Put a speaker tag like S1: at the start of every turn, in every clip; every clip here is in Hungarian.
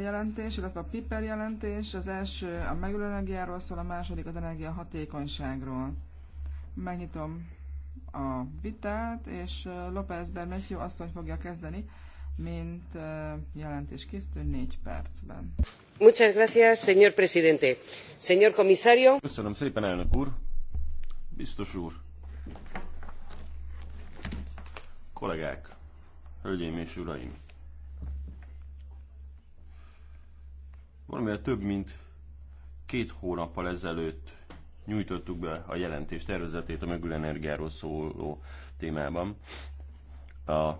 S1: jelentés, illetve a PIPER jelentés, az első a megülő energiáról szól, a második az energiahatékonyságról. Megnyitom a vitát, és López Bermesio asszony fogja kezdeni, mint jelentés készítő négy percben. Muchas gracias, señor presidente. Señor comisario.
S2: Köszönöm szépen, elnök úr. Biztos úr. Kollégák, hölgyeim és uraim. Valamivel több mint két hónappal ezelőtt nyújtottuk be a jelentés tervezetét a megülő energiáról szóló témában. A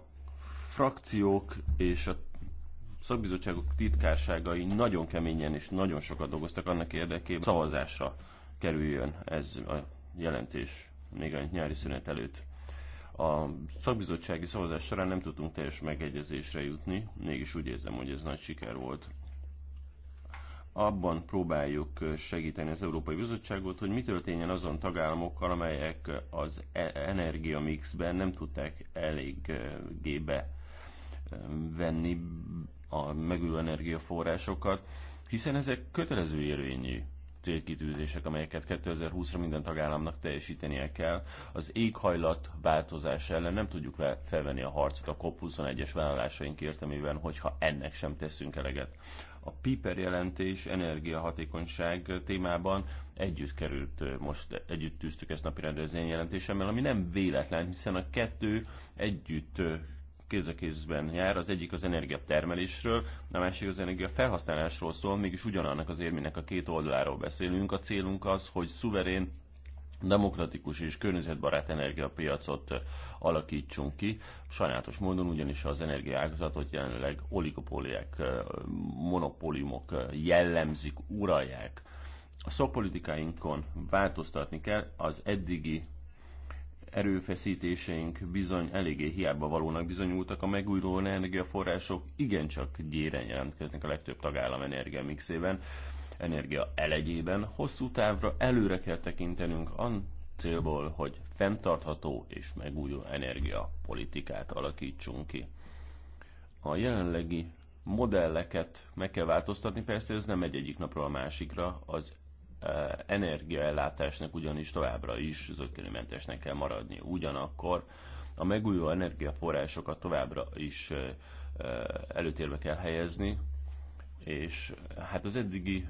S2: frakciók és a szakbizottságok titkárságai nagyon keményen és nagyon sokat dolgoztak annak érdekében, szavazásra kerüljön ez a jelentés még a nyári szünet előtt. A szakbizottsági szavazás során nem tudtunk teljes megegyezésre jutni, mégis úgy érzem, hogy ez nagy siker volt abban próbáljuk segíteni az Európai Bizottságot, hogy mi történjen azon tagállamokkal, amelyek az e- energiamixben nem tudták eléggé venni a megülő energiaforrásokat, hiszen ezek kötelező érvényű célkitűzések, amelyeket 2020-ra minden tagállamnak teljesítenie kell. Az éghajlat változás ellen nem tudjuk felvenni a harcot a COP21-es vállalásainkért, amiben, hogyha ennek sem teszünk eleget. A PIPER jelentés energiahatékonyság témában együtt került, eh, most együtt tűztük ezt napi rendezvény jelentésemmel, ami nem véletlen, hiszen a kettő együtt eh, kéz a kézben jár. Az egyik az energiatermelésről, a másik az energiafelhasználásról szól, mégis ugyanannak az érmének a két oldaláról beszélünk. A célunk az, hogy szuverén demokratikus és környezetbarát energiapiacot eh, alakítsunk ki. Sajnálatos módon ugyanis az energiaágazatot jelenleg oligopóliák, eh, monopóliumok eh, jellemzik, uralják. A szakpolitikáinkon változtatni kell, az eddigi erőfeszítéseink bizony eléggé hiába valónak bizonyultak, a megújuló energiaforrások igencsak gyéren jelentkeznek a legtöbb tagállam energiamixében. mixében energia elegyében. Hosszú távra előre kell tekintenünk an célból, hogy fenntartható és megújuló energiapolitikát alakítsunk ki. A jelenlegi modelleket meg kell változtatni, persze ez nem egy egyik napról a másikra, az e, energiaellátásnak ugyanis továbbra is zöggenőmentesnek kell maradni. Ugyanakkor a megújuló energiaforrásokat továbbra is e, e, előtérbe kell helyezni, és hát az eddigi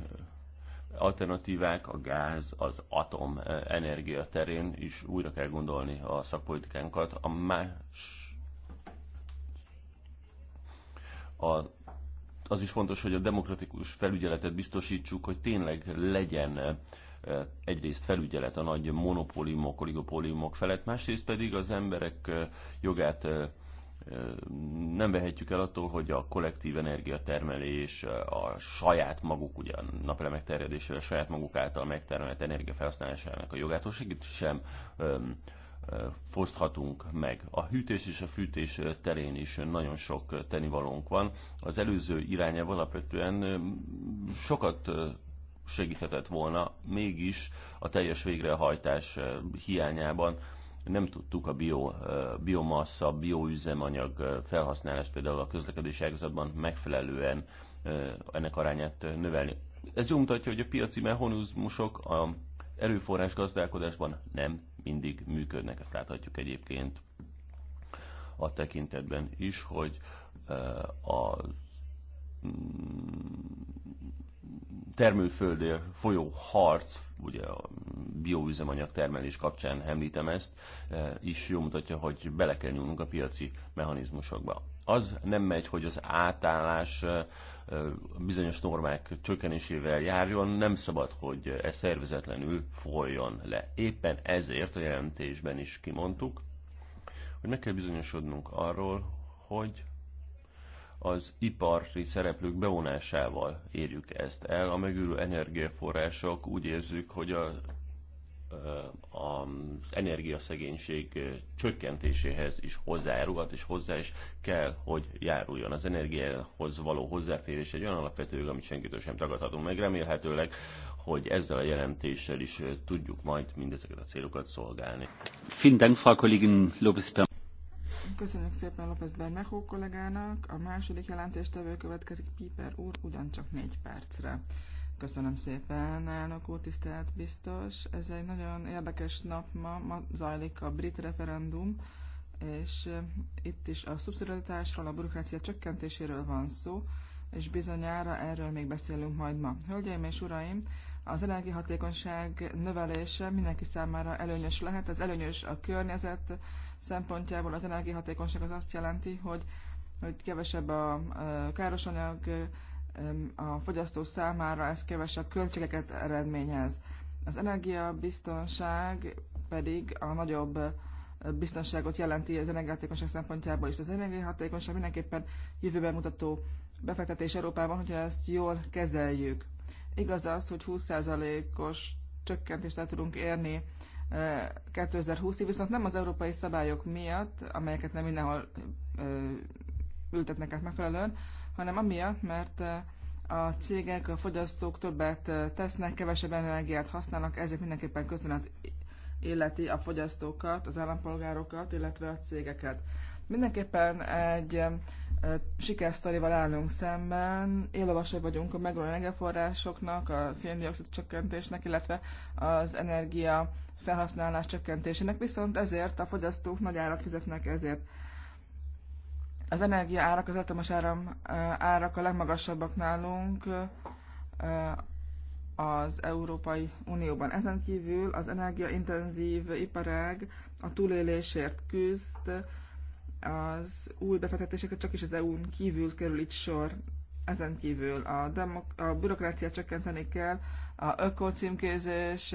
S2: alternatívák, a gáz, az atom energia terén is újra kell gondolni a szakpolitikánkat. A más a, az is fontos, hogy a demokratikus felügyeletet biztosítsuk, hogy tényleg legyen egyrészt felügyelet a nagy monopóliumok, oligopóliumok felett, másrészt pedig az emberek jogát nem vehetjük el attól, hogy a kollektív energiatermelés, a saját maguk, ugye a napelemek terjedésével a saját maguk által megtermelt energiafelhasználásának a jogátosságét sem foszthatunk meg. A hűtés és a fűtés terén is nagyon sok tenivalónk van. Az előző iránya alapvetően sokat segíthetett volna, mégis a teljes végrehajtás hiányában nem tudtuk a bio, biomassa, bioüzemanyag felhasználást például a közlekedési ágazatban megfelelően ennek arányát növelni. Ez jól mutatja, hogy a piaci mechanizmusok a erőforrás gazdálkodásban nem mindig működnek. Ezt láthatjuk egyébként a tekintetben is, hogy a termőföldi folyó harc, ugye a bioüzemanyag termelés kapcsán említem ezt, eh, is jól mutatja, hogy bele kell nyúlnunk a piaci mechanizmusokba. Az nem megy, hogy az átállás eh, eh, bizonyos normák csökkenésével járjon, nem szabad, hogy ez szervezetlenül folyjon le. Éppen ezért a jelentésben is kimondtuk, hogy meg kell bizonyosodnunk arról, hogy az ipari szereplők bevonásával érjük ezt el. A megülő energiaforrások úgy érzük, hogy a, a, az energiaszegénység csökkentéséhez is hozzájárulhat, és hozzá is kell, hogy járuljon. Az energiához való hozzáférés egy olyan alapvető amit senkitől sem tagadhatunk meg. Remélhetőleg, hogy ezzel a jelentéssel is tudjuk majd mindezeket a célokat szolgálni. Vielen Dank, Frau Kollegin
S1: Köszönjük szépen López Bermejo kollégának. A második jelentéstevő következik Piper úr ugyancsak négy percre. Köszönöm szépen, elnök úr, tisztelt biztos. Ez egy nagyon érdekes nap ma, ma zajlik a brit referendum, és eh, itt is a szubszidiaritásról, a bürokrácia csökkentéséről van szó, és bizonyára erről még beszélünk majd ma. Hölgyeim és uraim, az energiahatékonyság növelése mindenki számára előnyös lehet, Az előnyös a környezet, szempontjából az energiahatékonyság az azt jelenti, hogy, hogy kevesebb a károsanyag a fogyasztó számára, ez kevesebb költségeket eredményez. Az energiabiztonság pedig a nagyobb biztonságot jelenti az energiahatékonyság szempontjából is. Az energiahatékonyság mindenképpen jövőben mutató befektetés Európában, hogyha ezt jól kezeljük. Igaz az, hogy 20%-os csökkentést el tudunk érni 2020-ig, viszont nem az európai szabályok miatt, amelyeket nem mindenhol ültetnek át megfelelően, hanem amiatt, mert a cégek, a fogyasztók többet tesznek, kevesebb energiát használnak, ezért mindenképpen köszönet illeti a fogyasztókat, az állampolgárokat, illetve a cégeket. Mindenképpen egy sikersztorival állunk szemben, éllovasai vagyunk a megújuló energiaforrásoknak, a széndiokszid csökkentésnek, illetve az energia felhasználás csökkentésének, viszont ezért a fogyasztók nagy árat fizetnek ezért. Az energia árak, az elektromos áram eh, árak a legmagasabbak nálunk eh, az Európai Unióban. Ezen kívül az energiaintenzív iparág a túlélésért küzd, az új befektetéseket csak is az EU-n kívül kerül itt sor. Ezen kívül a, demok- a bürokráciát csökkenteni kell, a ökocímkézés,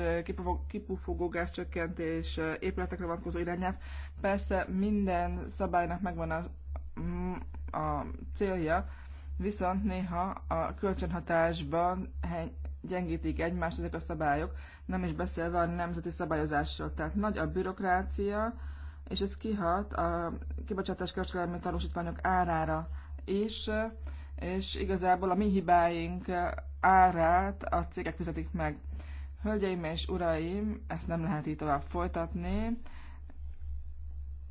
S1: kipufogógás csökkentés, épületekre vonatkozó irányelv. Persze minden szabálynak megvan a, mm, a célja, viszont néha a kölcsönhatásban gyengítik egymást ezek a szabályok, nem is beszélve a nemzeti szabályozásról. Tehát nagy a bürokrácia, és ez kihat a kibocsátás kereskedelmi tanúsítványok árára is, és igazából a mi hibáink árát a cégek fizetik meg. Hölgyeim és uraim, ezt nem lehet így tovább folytatni.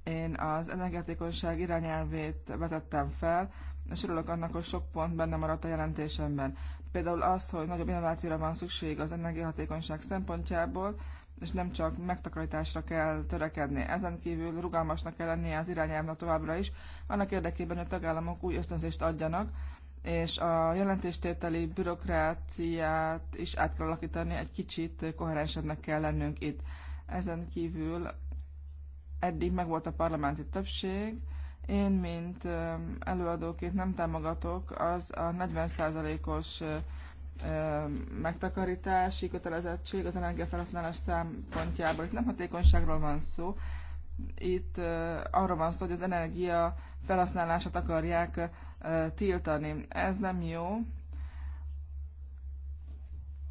S1: Én az energetikonság irányelvét vetettem fel, és örülök annak, hogy sok pont benne maradt a jelentésemben. Például az, hogy nagyobb innovációra van szükség az energiahatékonyság szempontjából, és nem csak megtakarításra kell törekedni. Ezen kívül rugalmasnak kell lennie az irányelvnek továbbra is, annak érdekében, hogy a tagállamok új ösztönzést adjanak, és a jelentéstételi bürokráciát is át kell alakítani, egy kicsit koherensebbnek kell lennünk itt. Ezen kívül eddig megvolt a parlamenti többség, én, mint előadóként nem támogatok, az a 40%-os megtakarítási kötelezettség az energiafelhasználás szempontjából. Itt nem hatékonyságról van szó, itt arról van szó, hogy az energia felhasználását akarják tiltani. Ez nem jó.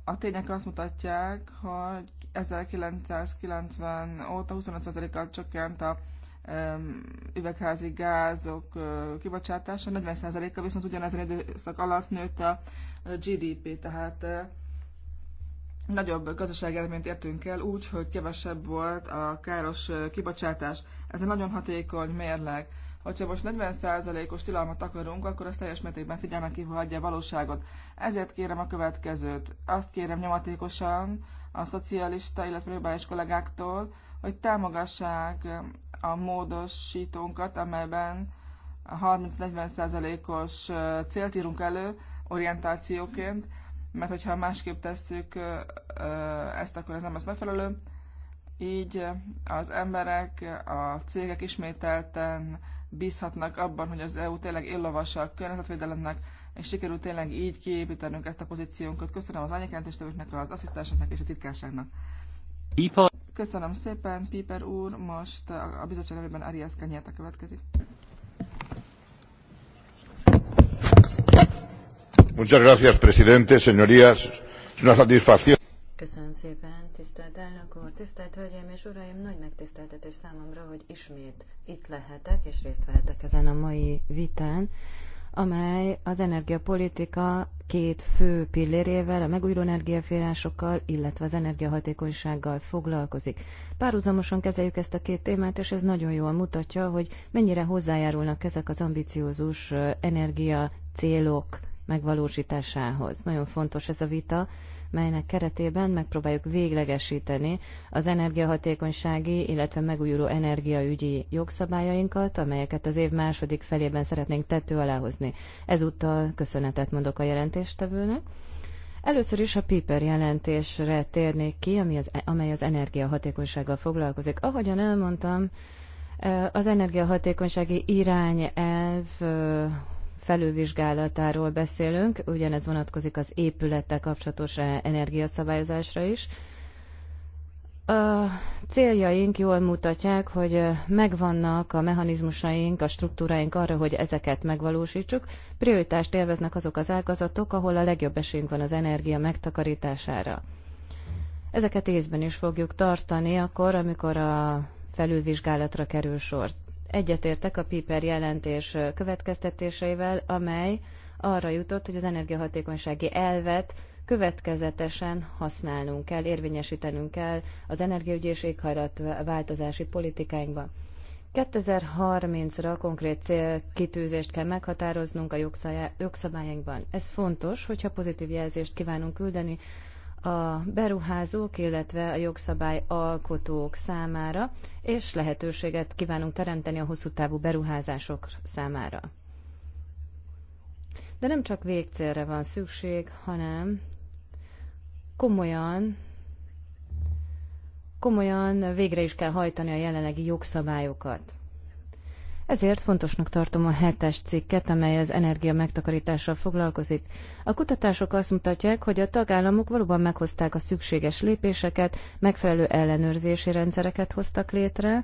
S1: A tények azt mutatják, hogy 1990 óta 25%-kal csökkent a üvegházi gázok kibocsátása, 40 kal viszont ugyanezen időszak alatt nőtt a GDP, tehát nagyobb gazdasági eredményt értünk el úgy, hogy kevesebb volt a káros kibocsátás. Ez egy nagyon hatékony mérleg. Hogyha most 40%-os tilalmat akarunk, akkor az teljes mértékben figyelmen kívül hagyja a valóságot. Ezért kérem a következőt. Azt kérem nyomatékosan a szocialista, illetve a kollégáktól, hogy támogassák a módosítónkat, amelyben a 30-40%-os célt írunk elő orientációként, mert hogyha másképp tesszük ezt, akkor ez nem az megfelelő. Így az emberek, a cégek ismételten bízhatnak abban, hogy az EU tényleg illovassa a környezetvédelemnek, és sikerült tényleg így kiépítenünk ezt a pozíciónkat. Köszönöm az anyakjelentéstevőknek, az asszisztenseknek és a titkárságnak. Piper. Köszönöm szépen, Piper úr. Most a bizottság nevében Arias Kanyáta következik.
S3: Muchas gracias, presidente, señorías. Es una satisfacción.
S1: Köszönöm szépen,
S3: tisztelt elnök úr, tisztelt hölgyeim és uraim, nagy megtiszteltetés számomra, hogy ismét itt lehetek és részt vehetek ezen a mai vitán, amely az energiapolitika két fő pillérével, a megújuló energiaforrásokkal, illetve az energiahatékonysággal foglalkozik. Párhuzamosan kezeljük ezt a két témát, és ez nagyon jól mutatja, hogy mennyire hozzájárulnak ezek az ambiciózus energia célok megvalósításához. Nagyon fontos ez a vita, melynek keretében megpróbáljuk véglegesíteni az energiahatékonysági, illetve megújuló energiaügyi jogszabályainkat, amelyeket az év második felében szeretnénk tető alá hozni. Ezúttal köszönetet mondok a jelentéstevőnek. Először is a PIPER jelentésre térnék ki, ami az, e- amely az energiahatékonysággal foglalkozik. Ahogyan elmondtam, az energiahatékonysági irányelv felülvizsgálatáról beszélünk, ugyanez vonatkozik az épülettel kapcsolatos eh, energiaszabályozásra is. A céljaink jól mutatják, hogy eh, megvannak a mechanizmusaink, a struktúráink arra, hogy ezeket megvalósítsuk. Prioritást élveznek azok az ágazatok, ahol a legjobb esélyünk van az energia megtakarítására. Ezeket észben is fogjuk tartani akkor, amikor a felülvizsgálatra kerül sort egyetértek a PIPER jelentés következtetéseivel, amely arra jutott, hogy az energiahatékonysági elvet következetesen használnunk kell, érvényesítenünk kell az energiaügyi és változási politikáinkban. 2030-ra konkrét célkitűzést kell meghatároznunk a jogszabályainkban. Ez fontos, hogyha pozitív jelzést kívánunk küldeni a beruházók, illetve a jogszabály alkotók számára, és lehetőséget kívánunk teremteni a hosszú távú beruházások számára. De nem csak végcélre van szükség, hanem komolyan, komolyan végre is kell hajtani a jelenlegi jogszabályokat. Ezért fontosnak tartom a hetes cikket, amely az energia megtakarítással foglalkozik. A kutatások azt mutatják, hogy a tagállamok valóban meghozták a szükséges lépéseket, megfelelő ellenőrzési rendszereket hoztak létre,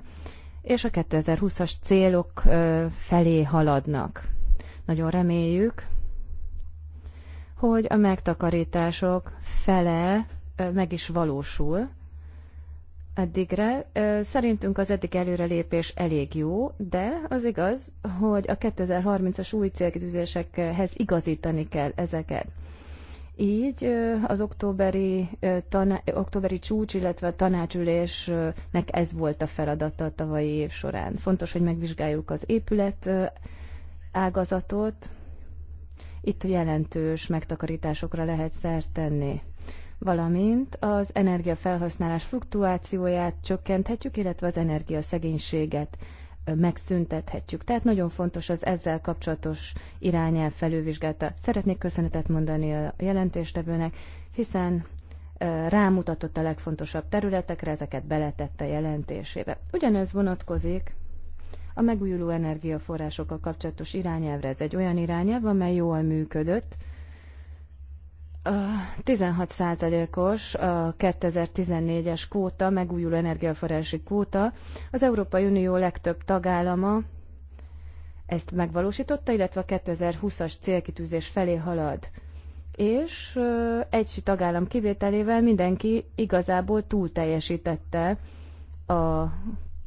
S3: és a 2020-as célok felé haladnak. Nagyon reméljük, hogy a megtakarítások fele meg is valósul, eddigre. Szerintünk az eddig előrelépés elég jó, de az igaz, hogy a 2030-as új célkitűzésekhez igazítani kell ezeket. Így az októberi, taná, októberi csúcs, illetve a tanácsülésnek ez volt a feladata a tavalyi év során. Fontos, hogy megvizsgáljuk az épület ágazatot, itt jelentős megtakarításokra lehet szert tenni valamint az energiafelhasználás fluktuációját csökkenthetjük, illetve az energiaszegénységet megszüntethetjük. Tehát nagyon fontos az ezzel kapcsolatos irányelv felülvizsgálta. Szeretnék köszönetet mondani a jelentéstevőnek, hiszen rámutatott a legfontosabb területekre, ezeket beletette a jelentésébe. Ugyanez vonatkozik a megújuló energiaforrásokkal kapcsolatos irányelvre. Ez egy olyan irányelv, amely jól működött. 16%-os a 2014-es kóta, megújuló energiaforrási kóta. Az Európai Unió legtöbb tagállama ezt megvalósította, illetve a 2020-as célkitűzés felé halad. És egy tagállam kivételével mindenki igazából túlteljesítette a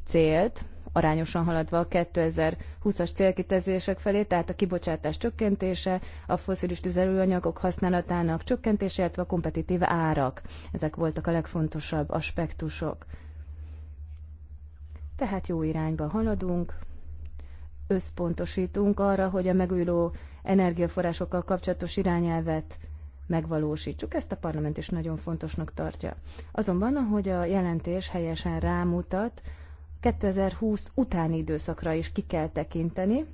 S3: célt, arányosan haladva a 2020-as célkitezések felé, tehát a kibocsátás csökkentése, a foszilis tüzelőanyagok használatának csökkentése, illetve a kompetitív árak. Ezek voltak a legfontosabb aspektusok. Tehát jó irányba haladunk, összpontosítunk arra, hogy a megújuló energiaforrásokkal kapcsolatos irányelvet megvalósítsuk. Ezt a parlament is nagyon fontosnak tartja. Azonban, ahogy a jelentés helyesen rámutat, 2020 utáni időszakra is ki kell tekinteni,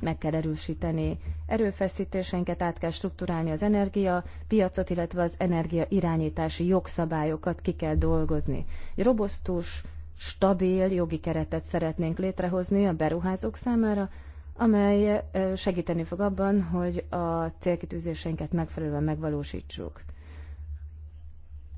S3: meg kell erősíteni erőfeszítéseinket, át kell struktúrálni az energia piacot, illetve az energia irányítási jogszabályokat ki kell dolgozni. Egy robosztus, stabil jogi keretet szeretnénk létrehozni a beruházók számára, amely segíteni fog abban, hogy a célkitűzéseinket megfelelően megvalósítsuk.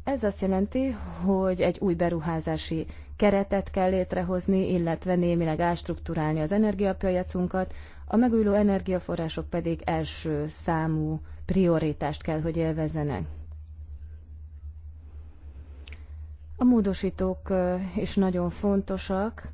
S3: Ez azt jelenti, hogy egy új beruházási keretet kell létrehozni, illetve némileg ástruktúrálni az energiapiacunkat, a megújuló energiaforrások pedig első számú prioritást kell, hogy élvezenek. A módosítók is nagyon fontosak,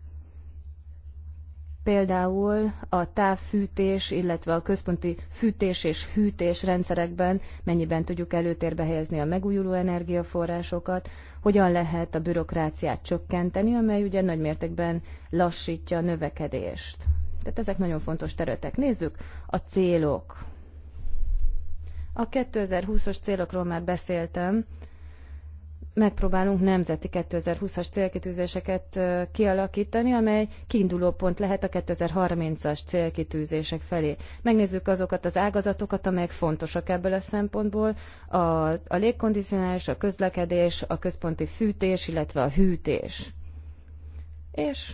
S3: például a távfűtés, illetve a központi fűtés és hűtés rendszerekben mennyiben tudjuk előtérbe helyezni a megújuló energiaforrásokat, hogyan lehet a bürokráciát csökkenteni, amely ugye nagy mértékben lassítja a növekedést. Tehát ezek nagyon fontos területek. Nézzük a célok. A 2020 os célokról már beszéltem, megpróbálunk nemzeti 2020-as célkitűzéseket kialakítani, amely kiinduló pont lehet a 2030-as célkitűzések felé. Megnézzük azokat az ágazatokat, amelyek fontosak ebből a szempontból, a, a légkondicionális, a közlekedés, a központi fűtés, illetve a hűtés. És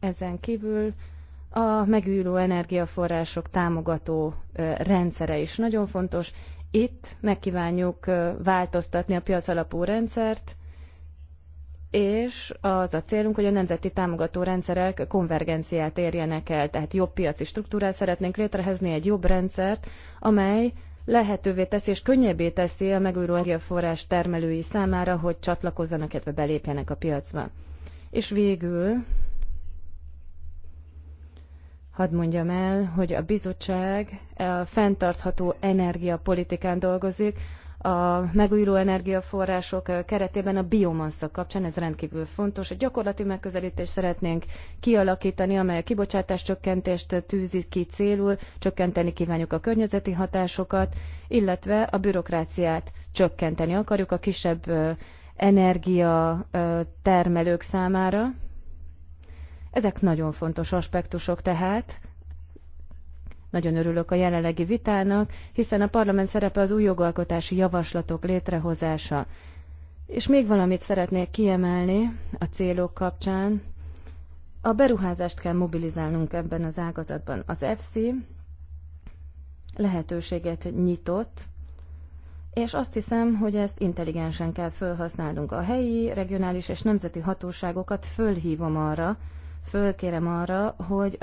S3: ezen kívül a megújuló energiaforrások támogató rendszere is nagyon fontos, itt megkívánjuk változtatni a piacalapú rendszert, és az a célunk, hogy a nemzeti támogató rendszerek konvergenciát érjenek el, tehát jobb piaci struktúrát szeretnénk létrehozni, egy jobb rendszert, amely lehetővé teszi és könnyebbé teszi a megújuló energiaforrás termelői számára, hogy csatlakozzanak, illetve belépjenek a piacba. És végül hadd mondjam el, hogy a bizottság a fenntartható energiapolitikán dolgozik, a megújuló energiaforrások keretében a biomassa kapcsán, ez rendkívül fontos. Egy gyakorlati megközelítést szeretnénk kialakítani, amely a kibocsátás csökkentést tűzi ki célul, csökkenteni kívánjuk a környezeti hatásokat, illetve a bürokráciát csökkenteni akarjuk a kisebb energiatermelők számára, ezek nagyon fontos aspektusok tehát. Nagyon örülök a jelenlegi vitának, hiszen a parlament szerepe az új jogalkotási javaslatok létrehozása. És még valamit szeretnék kiemelni a célok kapcsán. A beruházást kell mobilizálnunk ebben az ágazatban. Az FC lehetőséget nyitott, és azt hiszem, hogy ezt intelligensen kell felhasználnunk. A helyi, regionális és nemzeti hatóságokat fölhívom arra, fölkérem arra, hogy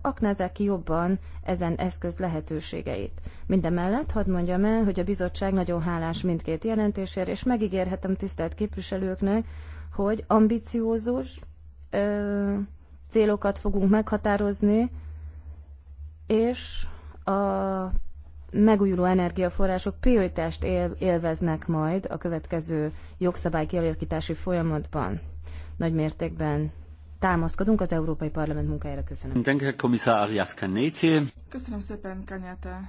S3: aknázzák ki jobban ezen eszköz lehetőségeit. Mindemellett hadd mondjam el, hogy a bizottság nagyon hálás mindkét jelentésért, és megígérhetem tisztelt képviselőknek, hogy ambiciózus ö, célokat fogunk meghatározni, és a megújuló energiaforrások prioritást él, élveznek majd a következő jogszabály kialakítási folyamatban. Nagy mértékben támaszkodunk az Európai Parlament munkájára.
S1: Köszönöm. Köszönöm szépen Kanyete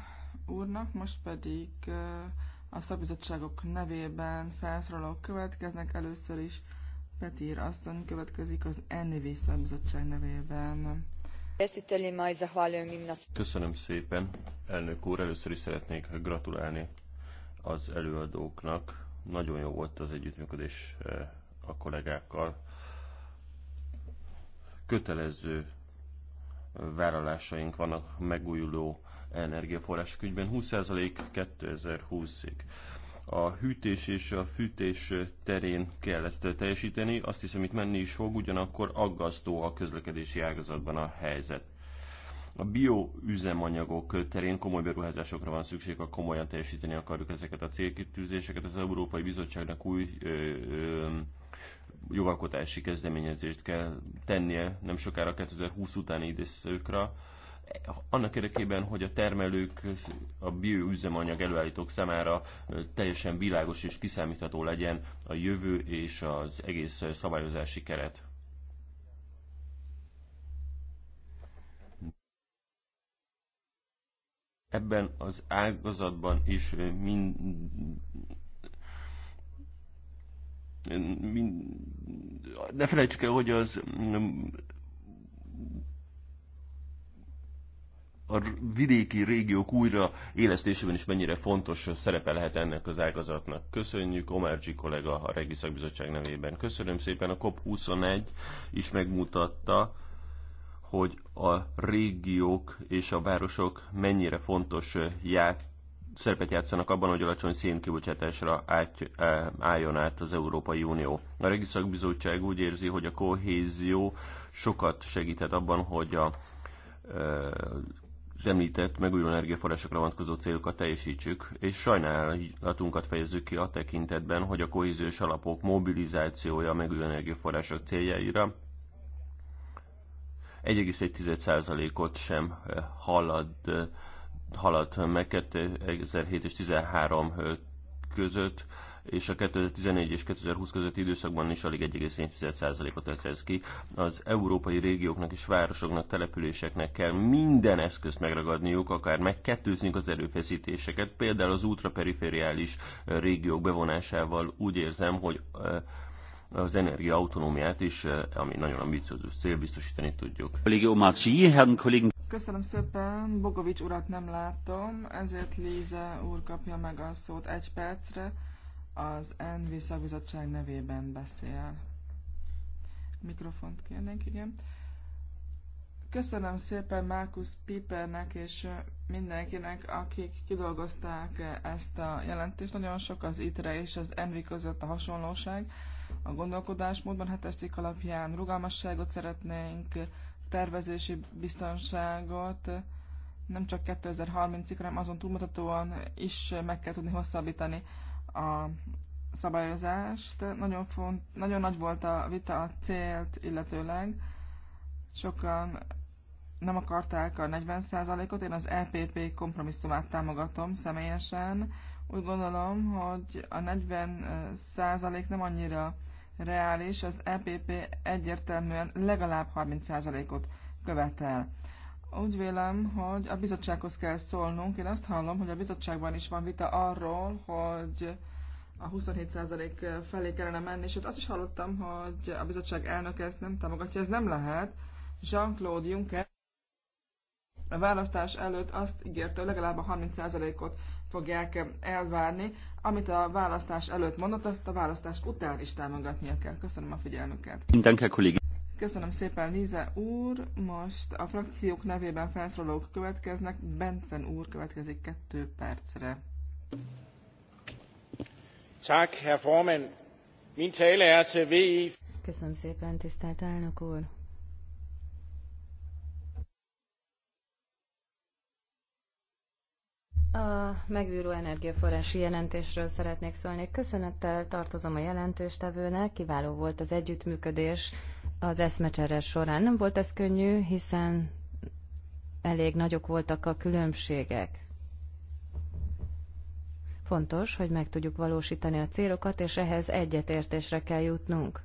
S1: úrnak, most pedig uh, a szakbizottságok nevében felszólalók következnek. Először is Petír asszony következik az NV szakbizottság nevében.
S2: Köszönöm szépen, elnök úr. Először is szeretnék gratulálni az előadóknak. Nagyon jó volt az együttműködés uh, a kollégákkal kötelező vállalásaink vannak megújuló energiaforrások ügyben, 20% 2020-ig. A hűtés és a fűtés terén kell ezt teljesíteni, azt hiszem itt menni is fog, ugyanakkor aggasztó a közlekedési ágazatban a helyzet. A bioüzemanyagok terén komoly beruházásokra van szükség, ha komolyan teljesíteni akarjuk ezeket a célkitűzéseket. Az Európai Bizottságnak új ö, ö, jogalkotási kezdeményezést kell tennie nem sokára 2020 utáni időszakra, annak érdekében, hogy a termelők, a bioüzemanyag előállítók számára teljesen világos és kiszámítható legyen a jövő és az egész szabályozási keret. Ebben az ágazatban is mind ne felejtsük el, hogy az mm, a vidéki régiók újra élesztésében is mennyire fontos szerepe lehet ennek az ágazatnak. Köszönjük Omergyi kollega a Regi Szakbizottság nevében. Köszönöm szépen, a COP21 is megmutatta, hogy a régiók és a városok mennyire fontos ját szerepet játszanak abban, hogy alacsony szénkibocsátásra álljon át az Európai Unió. A Regiszak Bizottság úgy érzi, hogy a kohézió sokat segíthet abban, hogy a, az említett megújuló energiaforrásokra vonatkozó célokat teljesítsük, és sajnálatunkat fejezzük ki a tekintetben, hogy a kohéziós alapok mobilizációja a megújuló energiaforrások céljaira 1,1%-ot sem halad haladt meg 2007 és 13 között, és a 2014 és 2020 közötti időszakban is alig 17 ot eszez ki. Az európai régióknak és városoknak, településeknek kell minden eszközt megragadniuk, akár megkettőzniük az erőfeszítéseket. Például az ultraperifériális régiók bevonásával úgy érzem, hogy az energiaautonómiát is, ami nagyon ambiciózus cél, biztosítani tudjuk.
S1: Köszönöm szépen, Bogovics urat nem látom, ezért Líze úr kapja meg a szót egy percre, az NV szakbizottság nevében beszél. Mikrofont kérnénk, igen. Köszönöm szépen Markus Pipernek és mindenkinek, akik kidolgozták ezt a jelentést. Nagyon sok az ITRE és az ENVI között a hasonlóság. A gondolkodásmódban hetes cikk alapján rugalmasságot szeretnénk, tervezési biztonságot nem csak 2030-ig, hanem azon túlmutatóan is meg kell tudni hosszabbítani a szabályozást. Nagyon, font, nagyon nagy volt a vita a célt illetőleg. Sokan nem akarták a 40%-ot, én az EPP kompromisszumát támogatom személyesen. Úgy gondolom, hogy a 40% nem annyira reális, az EPP egyértelműen legalább 30%-ot követel. Úgy vélem, hogy a bizottsághoz kell szólnunk. Én azt hallom, hogy a bizottságban is van vita arról, hogy a 27% felé kellene menni, és azt is hallottam, hogy a bizottság elnöke ezt nem támogatja, ez nem lehet. Jean-Claude Juncker a választás előtt azt ígérte, hogy legalább a 30%-ot fogják elvárni. Amit a választás előtt mondott, azt a választás után is támogatnia kell. Köszönöm a figyelmüket. Köszönöm szépen, Líze úr. Most a frakciók nevében felszólalók következnek. Bencen úr következik kettő percre.
S3: Tak, herr Forman. Min
S2: tale er til VI. E.
S3: Köszönöm szépen, tisztelt elnök úr. A megújuló energiaforrási jelentésről szeretnék szólni. Köszönettel tartozom a jelentőstevőnek, kiváló volt az együttműködés az eszmecsere során. Nem volt ez könnyű, hiszen elég nagyok voltak a különbségek. Fontos, hogy meg tudjuk valósítani a célokat, és ehhez egyetértésre kell jutnunk.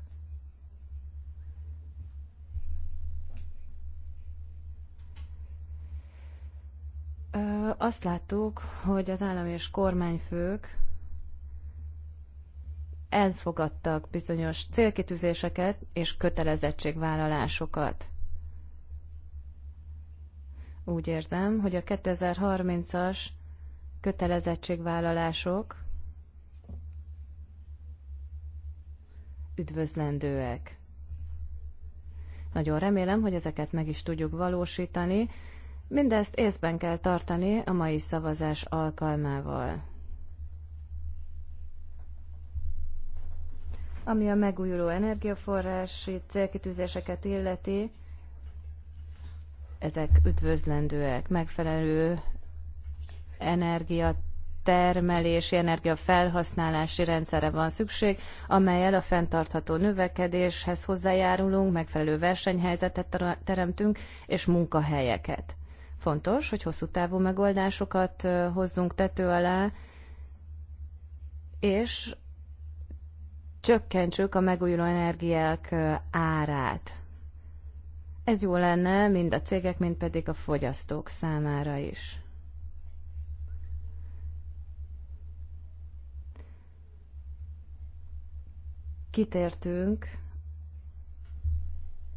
S3: azt láttuk, hogy az állam és kormányfők elfogadtak bizonyos célkitűzéseket és kötelezettségvállalásokat. Úgy érzem, hogy a 2030-as kötelezettségvállalások üdvözlendőek. Nagyon remélem, hogy ezeket meg is tudjuk valósítani, Mindezt észben kell tartani a mai szavazás alkalmával. Ami a megújuló energiaforrási célkitűzéseket illeti, ezek üdvözlendőek, megfelelő energia termelési, energiafelhasználási rendszerre van szükség, amelyel a fenntartható növekedéshez hozzájárulunk, megfelelő versenyhelyzetet teremtünk és munkahelyeket. Fontos, hogy hosszú távú megoldásokat hozzunk tető alá, és csökkentsük a megújuló energiák árát. Ez jó lenne mind a cégek, mind pedig a fogyasztók számára is. Kitértünk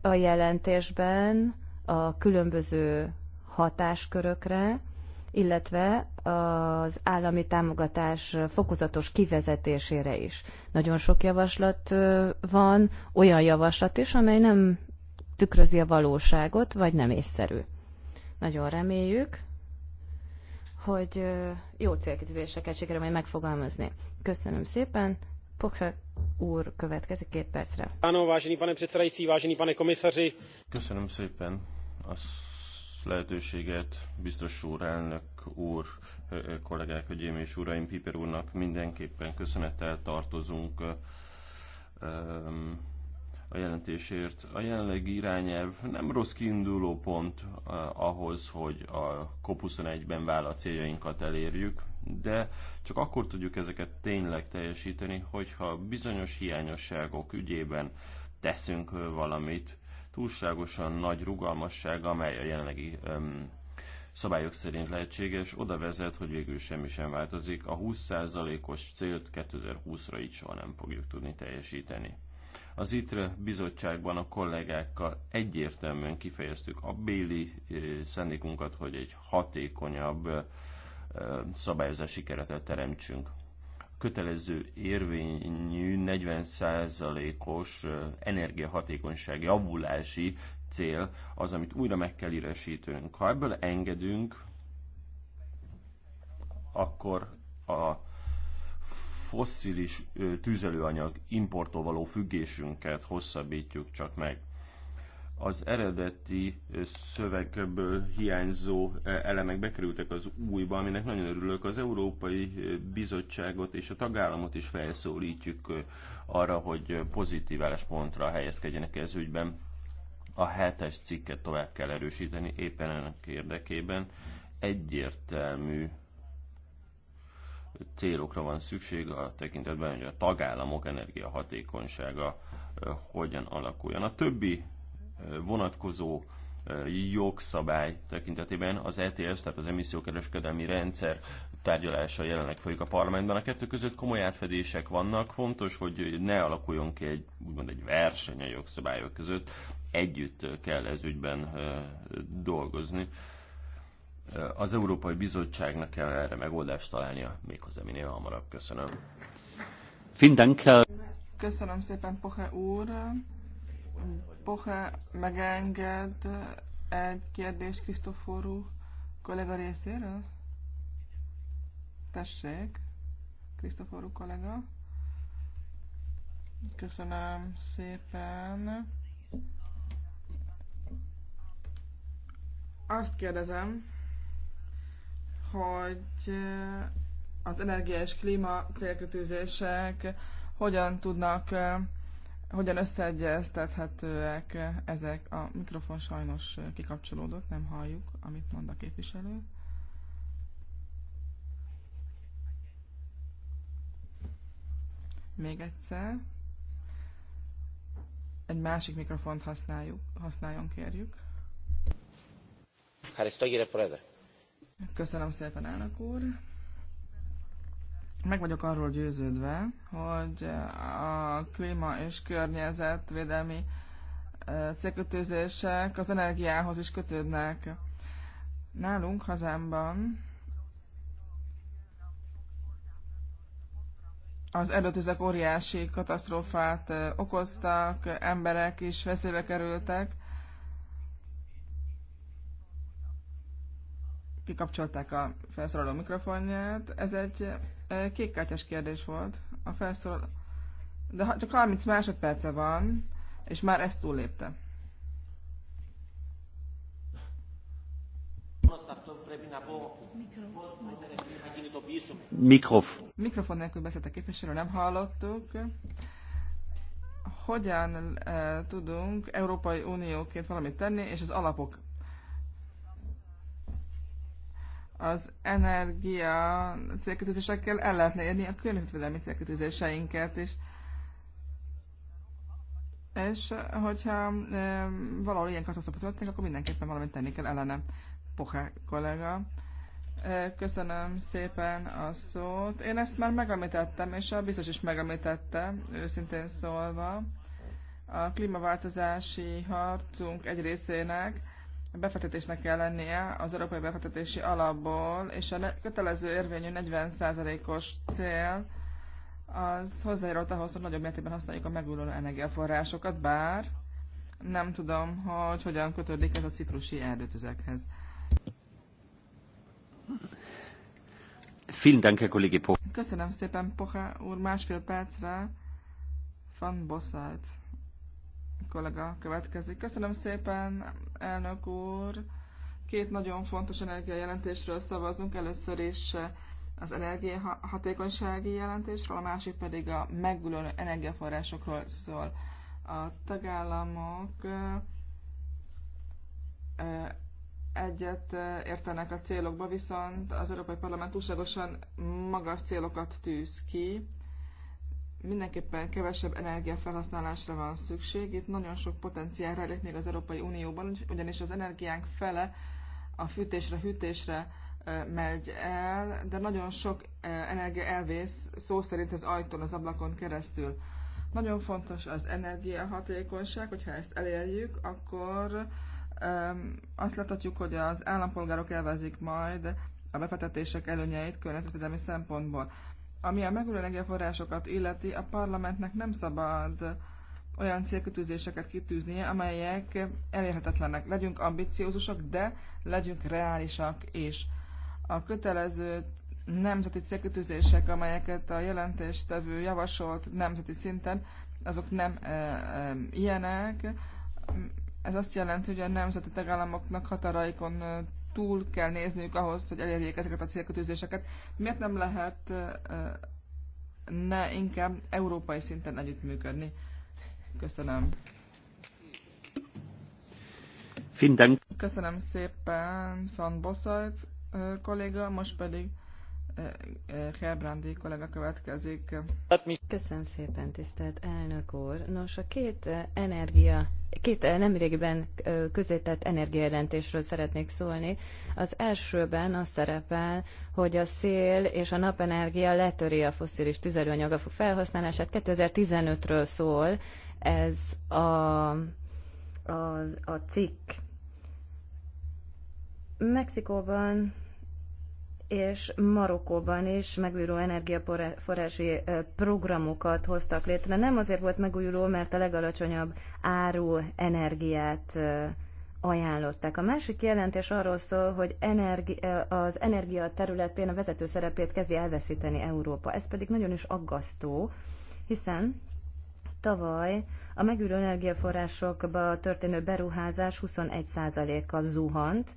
S3: a jelentésben a különböző hatáskörökre, illetve az állami támogatás fokozatos kivezetésére is. Nagyon sok javaslat van, olyan javaslat is, amely nem tükrözi a valóságot, vagy nem észszerű. Nagyon reméljük, hogy jó célkitűzéseket sikerül majd megfogalmazni. Köszönöm szépen, Pokha úr következik két percre.
S2: Ano, vážený pane předsedající, vážený pane komisaři. Köszönöm szépen a lehetőséget, biztos úr, elnök úr, kollégák, hölgyeim és uraim, Piper úrnak mindenképpen köszönettel tartozunk a jelentésért. A jelenlegi irányelv nem rossz kiinduló pont ahhoz, hogy a COP21-ben vállal céljainkat elérjük, de csak akkor tudjuk ezeket tényleg teljesíteni, hogyha bizonyos hiányosságok ügyében teszünk valamit, túlságosan nagy rugalmasság, amely a jelenlegi öm, szabályok szerint lehetséges, oda vezet, hogy végül semmi sem változik. A 20%-os célt 2020-ra így soha nem fogjuk tudni teljesíteni. Az ITRE bizottságban a kollégákkal egyértelműen kifejeztük a béli szendékunkat, hogy egy hatékonyabb szabályozási keretet teremtsünk kötelező érvényű 40%-os energiahatékonyság javulási cél az, amit újra meg kell íresítünk. Ha ebből engedünk, akkor a fosszilis tüzelőanyag importól való függésünket hosszabbítjuk csak meg az eredeti szövegből hiányzó elemek bekerültek az újba, aminek nagyon örülök. Az Európai Bizottságot és a tagállamot is felszólítjuk arra, hogy pozitív álláspontra helyezkedjenek ez ügyben. A hetes cikket tovább kell erősíteni éppen ennek érdekében. Egyértelmű célokra van szükség a tekintetben, hogy a tagállamok energiahatékonysága hogyan alakuljon. A többi vonatkozó jogszabály tekintetében az ETS, tehát az emissziókereskedelmi rendszer tárgyalása jelenleg folyik a parlamentben. A kettő között komoly átfedések vannak. Fontos, hogy ne alakuljon ki egy, úgymond egy verseny a jogszabályok között. Együtt kell ez ügyben dolgozni. Az Európai Bizottságnak kell erre megoldást találnia, méghozzá minél hamarabb. Köszönöm.
S1: Köszönöm szépen, Poche úr. Poche megenged egy kérdést Krisztoforú kollega részéről? Tessék, Krisztoforú kollega. Köszönöm szépen. Azt kérdezem, hogy eh, az energia és klíma célkötőzések hogyan tudnak eh, hogyan összeegyeztethetőek ezek? A mikrofon sajnos kikapcsolódott, nem halljuk, amit mond a képviselő. Még egyszer. Egy másik mikrofont használjuk, használjon kérjük. Köszönöm szépen, elnök úr. Meg vagyok arról győződve, hogy a klíma és környezetvédelmi célkötőzések az energiához is kötődnek. Nálunk hazámban az előtüzek óriási katasztrófát okoztak, emberek is veszélybe kerültek, kikapcsolták a felszólaló mikrofonját. Ez egy Kékkártyás kérdés volt. A felszólal... De ha, csak 30 másodperce van, és már ezt túllépte. Mikrof. Mikrofon nélkül beszélt a képviselő, nem hallottuk. Hogyan e, tudunk Európai Unióként valamit tenni, és az alapok az energia célkötőzésekkel el lehetne érni a környezetvédelmi célkötőzéseinket, és, és hogyha e, valahol ilyen katasztrofa történik, akkor mindenképpen valamit tenni kell ellene. pohá kollega. Köszönöm szépen a szót. Én ezt már megemlítettem, és a biztos is megemlítette, őszintén szólva. A klímaváltozási harcunk egy részének befektetésnek kell lennie az Európai Befektetési Alapból, és a kötelező érvényű 40%-os cél az hozzájárult ahhoz, hogy nagyobb mértékben használjuk a megújuló energiaforrásokat, bár nem tudom, hogy hogyan kötődik ez a ciprusi erdőtüzekhez. Köszönöm szépen, Poha úr, másfél percre van Bosszát kollega következik. Köszönöm szépen, elnök úr! Két nagyon fontos energiajelentésről szavazunk. Először is az energiahatékonysági jelentésről, a másik pedig a megújuló energiaforrásokról szól. A tagállamok egyet értenek a célokba, viszont az Európai Parlament túlságosan magas célokat tűz ki, mindenképpen kevesebb energiafelhasználásra van szükség. Itt nagyon sok potenciál rejlik még az Európai Unióban, ugyanis az energiánk fele a fűtésre, hűtésre megy el, de nagyon sok energia elvész szó szerint az ajtón, az ablakon keresztül. Nagyon fontos az energiahatékonyság, hogyha ezt elérjük, akkor azt láthatjuk, hogy az állampolgárok elvezik majd a befektetések előnyeit környezetvédelmi szempontból. Ami a megújuló energiaforrásokat illeti, a parlamentnek nem szabad olyan célkötőzéseket kitűznie, amelyek elérhetetlenek. Legyünk ambiciózusak, de legyünk reálisak és a kötelező nemzeti célkötőzések, amelyeket a jelentéstevő javasolt nemzeti szinten, azok nem e, e, ilyenek. Ez azt jelenti, hogy a nemzeti tagállamoknak határaikon túl kell nézniük ahhoz, hogy elérjék ezeket a célkötőzéseket. Miért nem lehet ne inkább európai szinten együttműködni? Köszönöm. Finden. Köszönöm szépen Van Bosszajt kolléga, most pedig Hebrandi kollega következik. Köszönöm szépen, tisztelt elnök úr.
S3: Nos, a két energia két eh, nemrégiben közétett energiajelentésről szeretnék szólni. Az elsőben az szerepel, hogy a szél és a napenergia letöri a foszilis tüzelőanyagok felhasználását. 2015-ről szól ez a, a, a cikk. Mexikóban és Marokkóban is megújuló energiaforrási programokat hoztak létre. Nem azért volt megújuló, mert a legalacsonyabb áru energiát ajánlották. A másik jelentés arról szól, hogy energi- az energia területén a vezető szerepét kezdi elveszíteni Európa. Ez pedig nagyon is aggasztó, hiszen tavaly a megújuló energiaforrásokba történő beruházás 21%-a zuhant,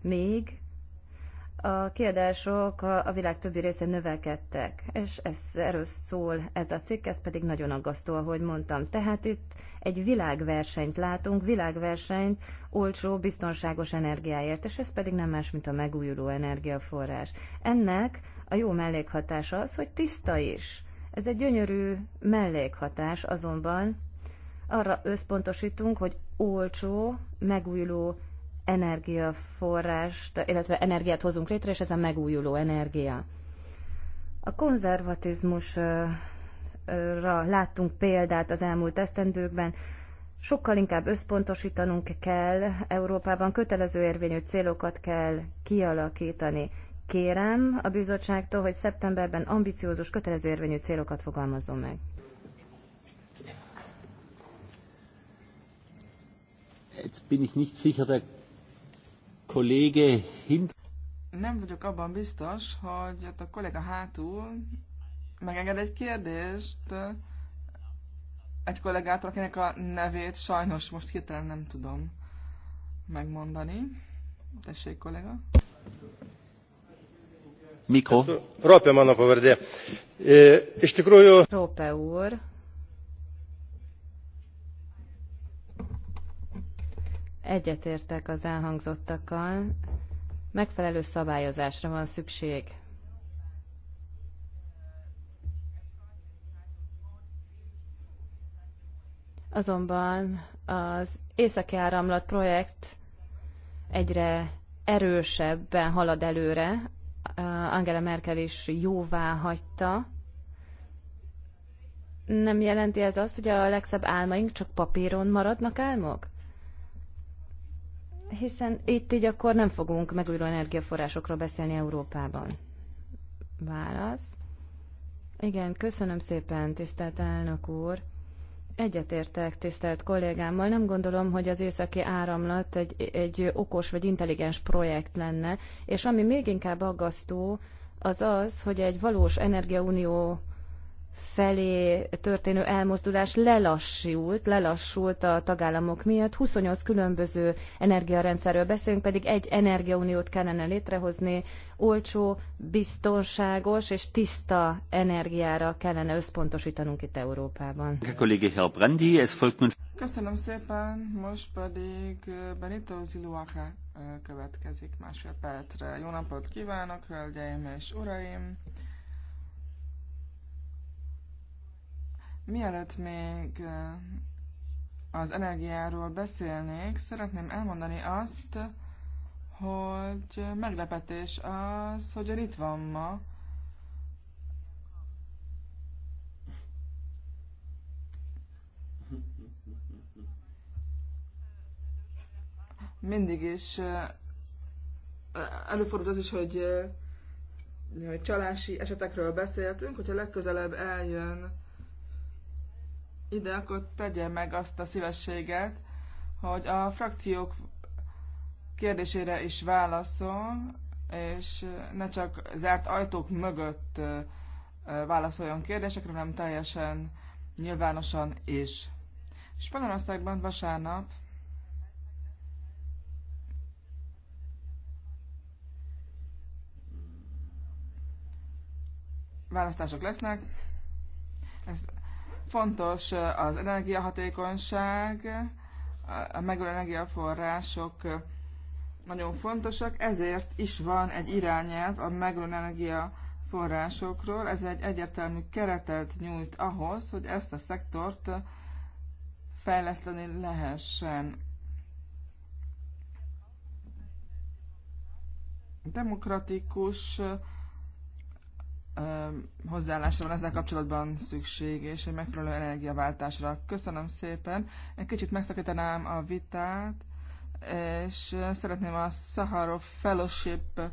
S3: még a kiadások a világ többi része növekedtek, és ez, erről szól ez a cikk, ez pedig nagyon aggasztó, ahogy mondtam. Tehát itt egy világversenyt látunk, világversenyt olcsó, biztonságos energiáért, és ez pedig nem más, mint a megújuló energiaforrás. Ennek a jó mellékhatása az, hogy tiszta is. Ez egy gyönyörű mellékhatás, azonban arra összpontosítunk, hogy olcsó, megújuló energiaforrást, illetve energiát hozunk létre, és ez a megújuló energia. A konzervatizmusra láttunk példát az elmúlt esztendőkben, sokkal inkább összpontosítanunk kell Európában, kötelező érvényű célokat kell kialakítani. Kérem a bizottságtól, hogy szeptemberben ambiciózus, kötelező érvényű célokat fogalmazzon meg.
S2: Jetzt bin ich nicht sicher, der Kollege hint...
S1: Nem vagyok abban biztos, hogy ott a kollega hátul megenged egy kérdést egy kollégától, akinek a nevét sajnos most hirtelen nem tudom megmondani. Tessék, kollega.
S2: Mikor? Ropė mano pavardė. Eh, e Iš tikrųjų...
S1: Ropė úr.
S3: Egyetértek az elhangzottakkal. Megfelelő szabályozásra van szükség. Azonban az északi áramlat projekt egyre erősebben halad előre. Angela Merkel is jóvá hagyta. Nem jelenti ez azt, hogy a legszebb álmaink csak papíron maradnak álmok? Hiszen itt így akkor nem fogunk megújuló energiaforrásokról beszélni Európában. Válasz. Igen, köszönöm szépen, tisztelt elnök úr. Egyetértek, tisztelt kollégámmal. Nem gondolom, hogy az északi áramlat egy, egy okos vagy intelligens projekt lenne, és ami még inkább aggasztó, az az, hogy egy valós energiaunió felé történő elmozdulás lelassult, lelassult a tagállamok miatt. 28 különböző energiarendszerről beszélünk, pedig egy energiauniót kellene létrehozni, olcsó, biztonságos és tiszta energiára kellene összpontosítanunk itt Európában.
S1: Köszönöm szépen, most pedig Benito Ziluaca következik másfél percre. Jó napot kívánok, hölgyeim és uraim! Mielőtt még az energiáról beszélnék, szeretném elmondani azt, hogy meglepetés az, hogy itt van ma. Mindig is előfordul az is, hogy, hogy csalási esetekről beszéltünk, hogyha legközelebb eljön ide, akkor tegye meg azt a szívességet, hogy a frakciók kérdésére is válaszol, és ne csak zárt ajtók mögött válaszoljon kérdésekre, hanem teljesen nyilvánosan is. Spanyolországban vasárnap választások lesznek. Ez Fontos az energiahatékonyság, a megújuló energiaforrások nagyon fontosak, ezért is van egy irányelv a megújuló energiaforrásokról. Ez egy egyértelmű keretet nyújt ahhoz, hogy ezt a szektort fejleszteni lehessen. Demokratikus hozzáállásra van ezzel kapcsolatban szükség, és egy megfelelő energiaváltásra. Köszönöm szépen. Egy kicsit megszakítanám a vitát, és szeretném a Saharov Fellowship